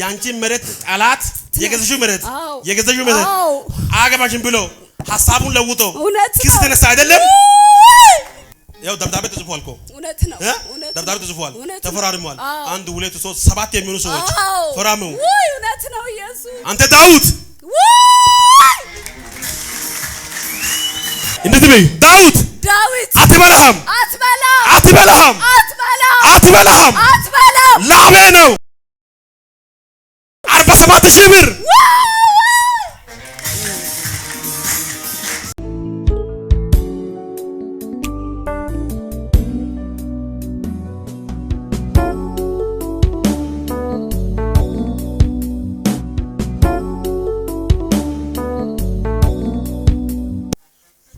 የአንቺን መሬት ጠላት የገዘሽው መሬት የገዘሽው መሬት አገባሽን ብሎ ሀሳቡን ለውጦ ክስ ተነሳ አይደለም። ያው ደብዳቤ ተጽፏል እኮ እውነት ነው። ደብዳቤ ተጽፏል፣ ተፈራርሟል። አንድ ሁለት ሶስት ሰባት የሚሆኑ ሰዎች ፈራሙ። ፈራመው። እውነት ነው። ኢየሱስ አንተ ዳዊት እንደዚህ በይ ዳዊት ዳዊት አትበላም፣ አትበላም፣ አትበላም፣ አትበላም፣ አትበላም ላሜ ነው ሽብር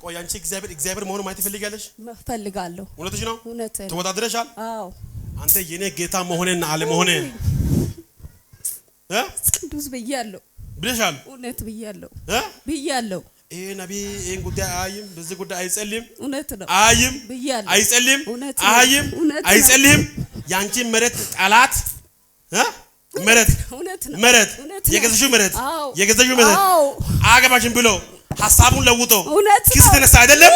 ቆይ አንቺ እግዚአብሔር እግዚአብሔር መሆኑ ማየት ትፈልጋለሽ? እፈልጋለሁ። እውነትሽ ነው። እውነት ተወዳድረሻል። አዎ አንተ የኔ ጌታ መሆንና አለመሆን ቅዱስ ብያለሁ ብለሻል። እውነት ብያለሁ ብያለሁ። ይሄ ነቢይ ይህን ጉዳይ አያይም፣ በዚህ ጉዳይ አይጸልይም። እውነት ነው። አያይም ብያለሁ። አይጸልይም። አያይም አይጸልይም። ያንቺን መሬት ጠላት መሬት መሬት የገዛሽው መሬት የገዛሽው መሬት አገባሽን ብሎ ሀሳቡን ለውጦ ክስ ተነሳ አይደለም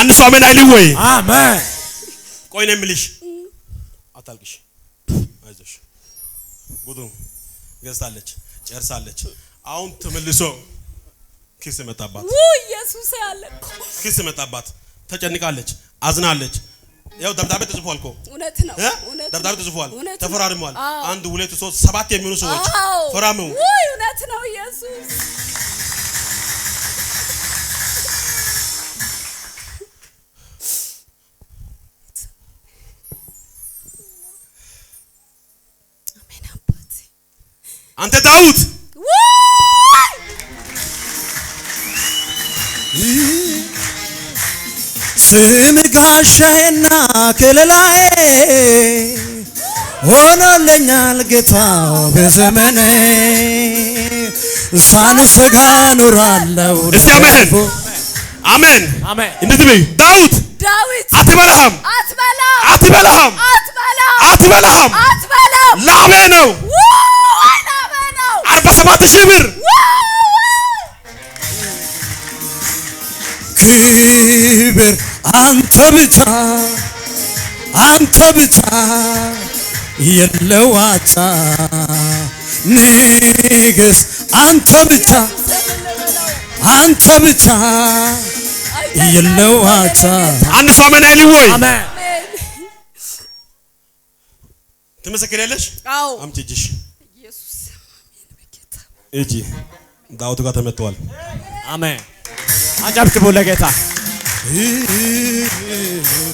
አንድ ሰው አሜን አይልም ወይ? አሜን ቆይ ነው የምልሽ። አታልቅሽ፣ አይዞሽ። ጉዱ ገዝታለች፣ ጨርሳለች። አሁን ተመልሶ ኪስ መጣባት፣ ኢየሱስ ያለ ኪስ መጣባት። ተጨንቃለች፣ አዝናለች። ያው ደብዳቤ ተጽፏል እኮ እውነት ነው። ደብዳቤ ተጽፏል፣ ተፈራርሟል። አንድ ሁለት ሶስት ሰባት የሚሆኑ ሰዎች ፈራሙ። እውነት ነው ኢየሱስ አንተ ዳዊት ስም ጋሻዬና ከለላዬ ሆኖለኛል ጌታው በዘመኔ ሳልሰጋ ኑራለሁ። እስቲ አሜን አሜን እንዴት ነው ዳዊት? ላሜ ነው ሰባት ሺህ ብር ክብር አንተ ብቻ አንተ ብቻ የለዋታ ንግስ አንተ ብቻ አንተ ብቻ የለዋታ አንድ ሰው አሜን አይልም ወይ? ትመሰክሪያለሽ? አምጪ እጅሽ ኢየሱስ እጂ ዳዊት ጋር ተመቷል። አሜን። አንድ ለጌታ